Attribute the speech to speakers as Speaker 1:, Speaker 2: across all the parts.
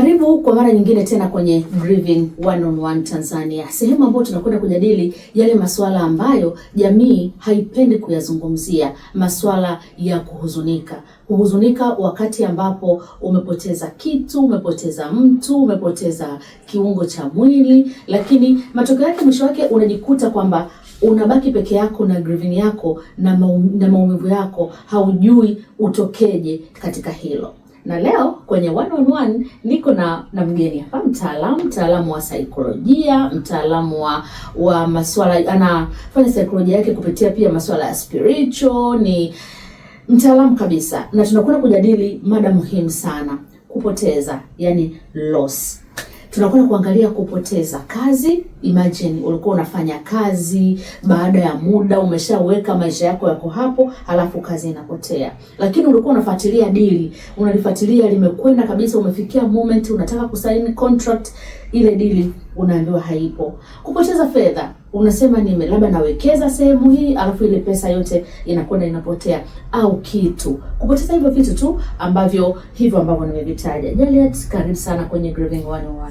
Speaker 1: Karibu kwa mara nyingine tena kwenye Grieving One on One Tanzania, sehemu ambayo tunakwenda kujadili yale masuala ambayo jamii haipendi kuyazungumzia, masuala ya kuhuzunika kuhuzunika wakati ambapo umepoteza kitu, umepoteza mtu, umepoteza kiungo cha mwili, lakini matokeo yake mwisho wake unajikuta kwamba unabaki peke yako na grieving yako na maumivu yako, haujui utokeje katika hilo na leo kwenye one on one niko na na mgeni hapa, mtaalamu mtaalamu wa saikolojia, mtaalamu wa wa masuala, anafanya saikolojia yake kupitia pia masuala ya spiritual, ni mtaalamu kabisa, na tunakwenda kujadili mada muhimu sana, kupoteza, yani loss tunakwenda kuangalia kupoteza kazi. Imagine ulikuwa unafanya kazi, baada ya muda umeshaweka maisha yako yako hapo, alafu kazi inapotea. Lakini ulikuwa unafuatilia dili, unalifuatilia limekwenda kabisa, umefikia moment unataka kusaini contract, ile dili unaambiwa haipo. Kupoteza fedha unasema ni labda nawekeza sehemu hii, alafu ile pesa yote inakwenda inapotea au kitu kupoteza hivyo vitu tu ambavyo hivyo ambavyo nimevitaja. Juliet, karibu sana kwenye Grieving 101.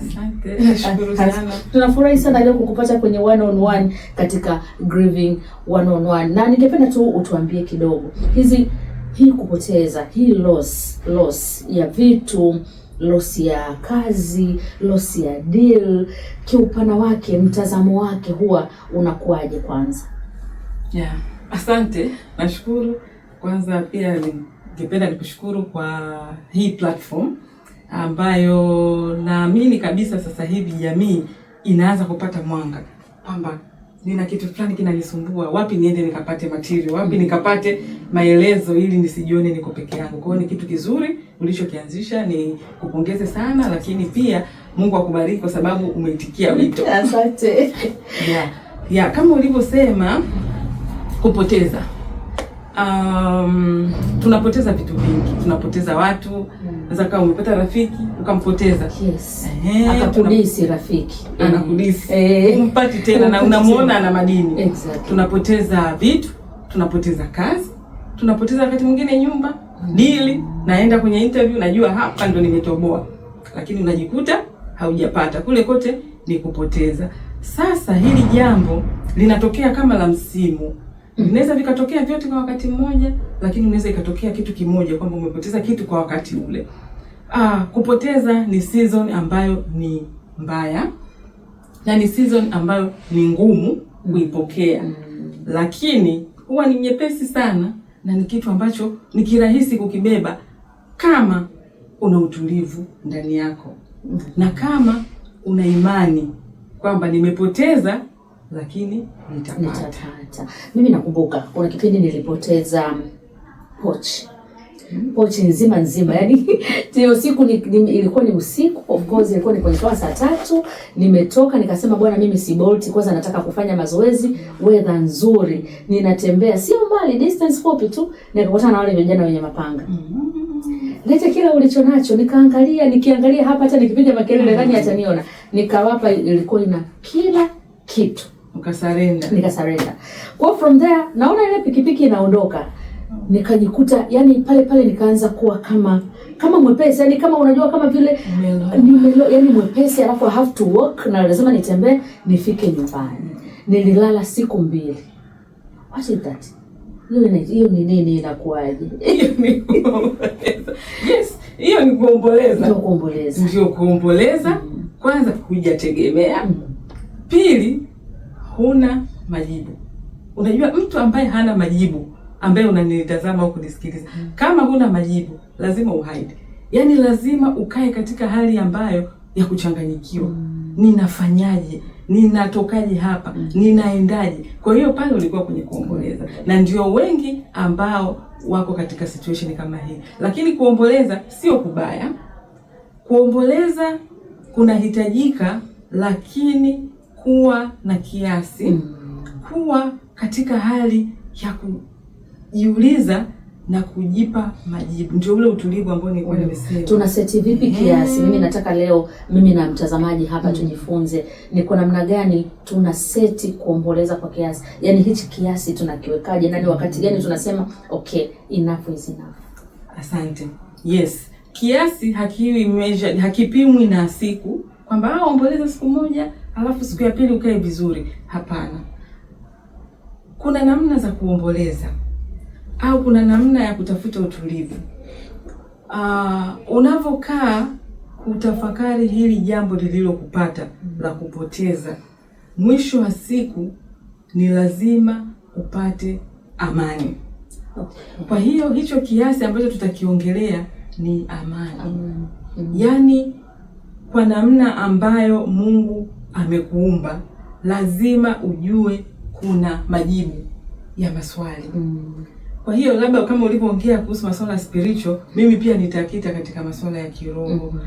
Speaker 1: Asante. Tunafurahi sana leo kukupata kwenye 101 katika Grieving 101. Na ningependa tu utuambie kidogo hizi hii kupoteza hii loss loss ya vitu losi ya kazi, losi ya deal, kiupana wake, mtazamo wake huwa unakuwaje? Kwanza
Speaker 2: yeah. Asante, nashukuru kwanza. Pia ningependa nikushukuru kwa hii platform ambayo naamini kabisa sasa hivi jamii inaanza kupata mwanga kwamba nina kitu fulani kinanisumbua, wapi niende nikapate material, wapi nikapate maelezo ili nisijione niko peke yangu. Kwa hiyo ni kitu kizuri ulichokianzisha, ni kupongeze sana, lakini pia Mungu akubariki kwa sababu umeitikia wito.
Speaker 1: Asante. Yeah.
Speaker 2: Yeah, kama ulivyosema kupoteza um, tunapoteza vitu vingi, tunapoteza watu. Sasa mm. kama umepata rafiki ukampoteza,
Speaker 1: yes. Eh, Akakudisi rafiki,
Speaker 2: eh, anakudisi eh. umpati tena, na unamuona ana madini Tunapoteza vitu, tunapoteza kazi, tunapoteza wakati mwingine nyumba mm. Dili naenda kwenye interview, najua hapa ndo nimetoboa, lakini unajikuta haujapata kule kote ni kupoteza. Sasa hili jambo linatokea kama la msimu, vinaweza mm. vikatokea vyote kwa wakati mmoja, lakini unaweza ikatokea kitu kimoja kwamba umepoteza kitu kwa wakati ule. Ah, kupoteza ni season ambayo ni mbaya na ni season ambayo ni ngumu kuipokea mm. Lakini huwa ni nyepesi sana na ni kitu ambacho ni kirahisi kukibeba kama una utulivu ndani yako mm. Na kama una imani kwamba nimepoteza lakini nitapata.
Speaker 1: Mimi nakumbuka kuna kipindi nilipoteza pochi pochi nzima nzima, yani hiyo siku ni, ni, ilikuwa ni usiku of course, ilikuwa ni kwenye saa tatu. Nimetoka nikasema bwana, mimi si bolt kwanza, nataka kufanya mazoezi, weather nzuri, ninatembea sio mbali, distance fupi tu, nikakutana na wale vijana wenye mapanga mm -hmm. Leta kila ulicho nacho, nikaangalia, nikiangalia hapa, hata nikipiga makelele ndani ataniona, nikawapa, ilikuwa ina kila kitu,
Speaker 2: ukasarenda,
Speaker 1: nikasarenda. Kwa from there naona ile pikipiki inaondoka nikajikuta yani pale pale nikaanza kuwa kama kama mwepesi yani, kama unajua kama vile nimelo, yani mwepesi, alafu I have to walk na lazima nitembee nifike nyumbani. Nililala siku mbili. What is that? Hiyo ni nini? inakuaje?
Speaker 2: Yes, hiyo ni kuomboleza,
Speaker 1: ndio kuomboleza,
Speaker 2: ndio kuomboleza. Mm. Kwanza kujategemea, mm. pili huna majibu. Unajua mtu ambaye hana majibu ambaye unanitazama au kunisikiliza, mm. kama huna majibu lazima uhide, yaani lazima ukae katika hali ambayo ya kuchanganyikiwa mm. Ninafanyaje? Ninatokaje hapa? Mm. Ninaendaje? Kwa hiyo pale ulikuwa kwenye kuomboleza, na ndio wengi ambao wako katika situation kama hii. Lakini kuomboleza sio kubaya, kuomboleza kunahitajika, lakini kuwa na kiasi, mm. kuwa katika hali ya ku kujiuliza na kujipa majibu, ndio ule utulivu ambao nilikuwa mm. nimesema.
Speaker 1: seti vipi mm-hmm. kiasi? Mimi nataka leo mimi na mtazamaji hapa mm. tujifunze ni kwa namna gani tuna seti kuomboleza kwa kiasi, yaani hichi kiasi tunakiwekaje, na ni wakati gani tunasema okay, enough is enough.
Speaker 2: Asante. Yes, kiasi hakiwi measured, hakipimwi na siku kwamba ah, omboleza siku moja alafu siku ya pili ukae vizuri. Hapana, kuna namna za kuomboleza au kuna namna ya kutafuta utulivu. Uh, unavyokaa kutafakari hili jambo lililokupata la kupoteza, mwisho wa siku ni lazima upate amani. Kwa hiyo hicho kiasi ambacho tutakiongelea ni amani, amani. Mm-hmm. Yaani kwa namna ambayo Mungu amekuumba lazima ujue kuna majibu ya maswali mm. Kwa hiyo labda kama ulivyoongea kuhusu masuala ya spiritual, mimi pia nitakita katika masuala ya kiroho. Mm -hmm.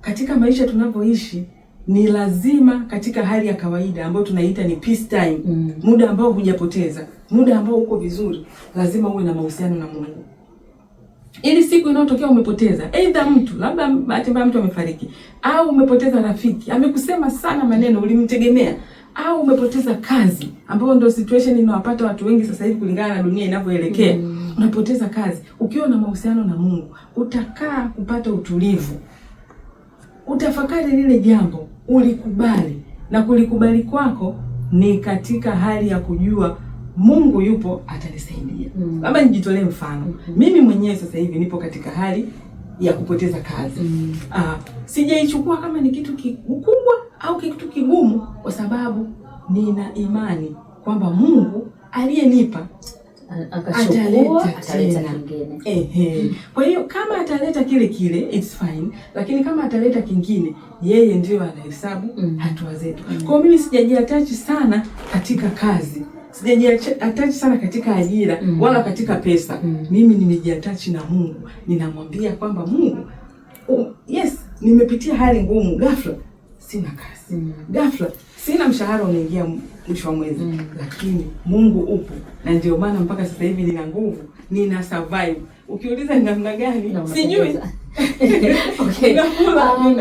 Speaker 2: Katika maisha tunavyoishi ni lazima katika hali ya kawaida ambayo tunaiita ni peace time, mm -hmm. muda ambao hujapoteza, muda ambao uko vizuri, lazima uwe na mahusiano na Mungu ili siku inayotokea umepoteza aidha mtu labda bahati mbaya mtu amefariki, au umepoteza rafiki amekusema sana maneno ulimtegemea au umepoteza kazi, ambayo ndio situation inawapata watu wengi sasa hivi kulingana na dunia inavyoelekea. Mm. Unapoteza kazi. Ukiwa na mahusiano na Mungu, utakaa kupata utulivu. Utafakari lile jambo, ulikubali na kulikubali kwako ni katika hali ya kujua Mungu yupo atanisaidia. Mm. Labda nijitolee mfano. Mm Mimi mwenyewe sasa hivi nipo katika hali ya kupoteza kazi. Mm. Ah, sijaichukua kama ni kitu kikubwa au kitu kigumu, kwa sababu nina imani kwamba Mungu aliyenipa
Speaker 1: ataleta kingine.
Speaker 2: Ehe, kwa hiyo kama ataleta kile kile it's fine, lakini kama ataleta kingine, yeye ndio anahesabu mm. hatua zetu mm. Kwa mimi sijajiatachi sana katika kazi, sijajiatachi sana katika ajira mm. wala katika pesa mm. Mimi nimejiatachi na Mungu, ninamwambia kwamba Mungu, oh, yes, nimepitia hali ngumu ghafla sina kazi mm. Ghafla sina mshahara unaingia mwisho wa mwezi mm. Lakini Mungu upo, na ndio maana mpaka sasa hivi nina nguvu, nina survive. Ukiuliza ni namna gani, sijui.
Speaker 1: Um,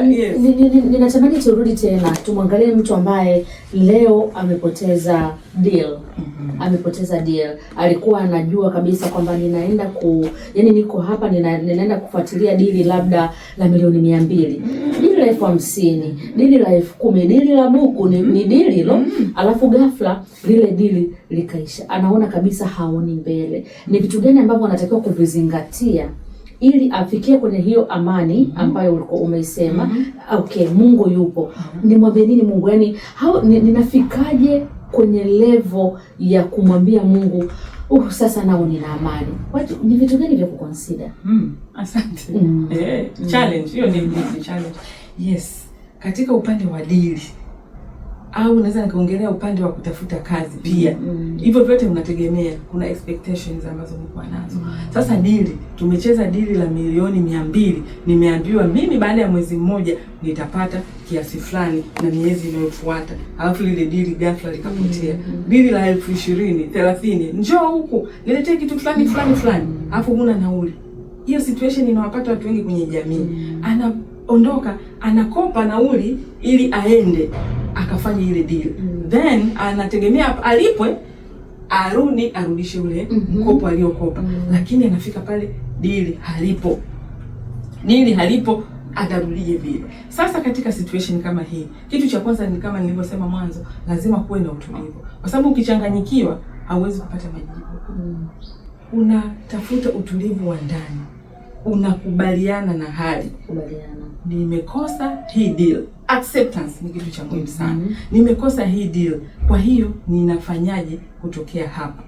Speaker 1: ninatamani turudi tena tumwangalie mtu ambaye leo amepoteza deal mhm. amepoteza deal. Alikuwa anajua kabisa kwamba ninaenda ku, yani niko hapa nina, ninaenda kufuatilia dili labda la milioni mia mbili mm dili la elfu hamsini dili la elfu kumi dili la buku ni, ni dili lo mm-hmm. Alafu ghafla lile dili likaisha, anaona kabisa haoni mbele. Ni vitu gani ambavyo anatakiwa kuvizingatia ili afikie kwenye hiyo amani mm-hmm. ambayo ulikuwa umeisema? Mm-hmm. Okay, Mungu yupo. Nimwambie nini Mungu? Yani hao ninafikaje kwenye levo ya kumwambia Mungu uh, sasa nao nina amani. Watu ni vitu gani vya kuconsider?
Speaker 2: Mm, asante. Mm. Eh, challenge hiyo ni, ni challenge. Yes, katika upande wa dili au naweza nikaongelea upande wa kutafuta kazi pia mm, mm, mm. hivyo, mm. vyote unategemea kuna expectations ambazo mko nazo. Sasa dili, tumecheza dili la milioni mia mbili, nimeambiwa mimi baada ya mwezi mmoja nitapata kiasi fulani na miezi inayofuata, alafu lile dili ghafla likapotea. mm. dili la elfu ishirini thelathini, njoo huku niletee kitu fulani fulani fulani, alafu huna nauli. Hiyo situation inawapata watu wengi kwenye jamii. mm. ana ondoka, anakopa nauli ili aende akafanye ile deal mm. Then anategemea alipwe arudi arudishe ule mm -hmm. mkopo aliokopa mm -hmm. Lakini anafika pale dili halipo, nili halipo, atarudie vile? Sasa katika situation kama hii, kitu cha kwanza ni kama nilivyosema mwanzo, lazima kuwe na utulivu, kwa sababu ukichanganyikiwa hauwezi kupata majibu mm. Unatafuta utulivu wa ndani, unakubaliana na hali, kubaliana nimekosa hii deal. Acceptance ni kitu cha muhimu sana. mm -hmm. Nimekosa hii deal, kwa hiyo ninafanyaje kutokea hapa?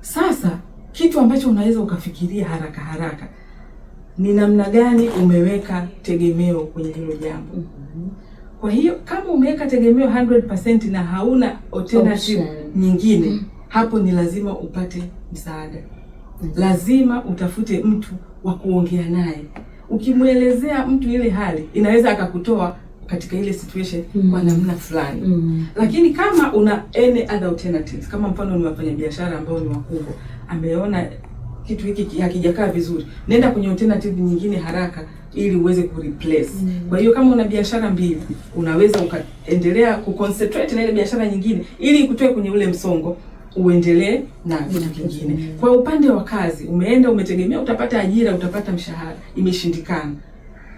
Speaker 2: Sasa kitu ambacho unaweza ukafikiria haraka haraka ni namna gani umeweka tegemeo kwenye hilo jambo. mm -hmm. Kwa hiyo kama umeweka tegemeo 100% na hauna alternative nyingine mm -hmm. Hapo ni lazima upate msaada. mm -hmm. Lazima utafute mtu wa kuongea naye ukimwelezea mtu ile hali inaweza akakutoa katika ile situation mm. kwa namna fulani mm. Lakini kama una any other alternatives, kama mfano ni wafanyabiashara ambao ni wakubwa, ameona kitu hiki hakijakaa vizuri, nenda kwenye alternative nyingine haraka ili uweze kureplace mm. Kwa hiyo kama una biashara mbili, unaweza ukaendelea kuconcentrate na ile biashara nyingine ili ikutoe kwenye ule msongo uendelee na kitu kingine. Kwa upande wa kazi, umeenda umetegemea utapata ajira, utapata mshahara, imeshindikana.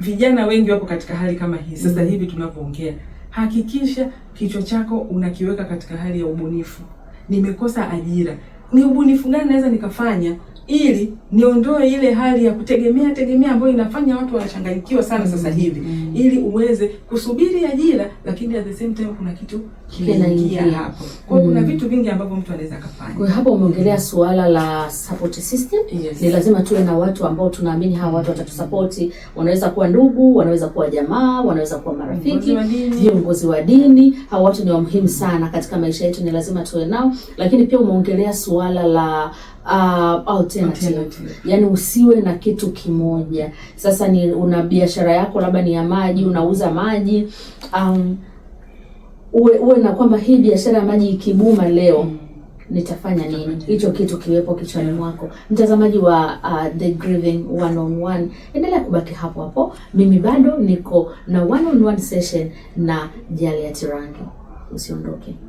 Speaker 2: Vijana wengi wapo katika hali kama hii sasa hivi tunavyoongea. Hakikisha kichwa chako unakiweka katika hali ya ubunifu. Nimekosa ajira, ni ubunifu gani naweza nikafanya ili niondoe ile hali ya kutegemea tegemea ambayo inafanya watu wanachanganyikiwa sana mm. Sasa mm-hmm. hivi mm. ili uweze kusubiri ajira, lakini at the same time kuna kitu kinaingia hapo. Kwa hiyo kuna mm-hmm. vitu vingi ambavyo mtu anaweza akafanya.
Speaker 1: Kwa hiyo hapo umeongelea mm. suala la support system. Yes. Ni lazima tuwe na watu ambao tunaamini hawa watu watatusapoti. Wanaweza kuwa ndugu, wanaweza kuwa jamaa, wanaweza kuwa marafiki, viongozi wa dini. Hawa watu ni wa muhimu sana katika maisha yetu, ni lazima tuwe nao, lakini pia umeongelea suala suala la uh, alternative. Alternative. Yani usiwe na kitu kimoja. Sasa ni una biashara yako labda ni ya maji, unauza maji um, uwe, uwe na kwamba hii biashara ya maji ikibuma leo mm. Nitafanya nini? Hicho kitu kiwepo kichwani mwako. Mtazamaji wa uh, The Grieving One on One, endelea kubaki hapo hapo. Mimi bado niko na one on one session na Jaliath Rangi, usiondoke.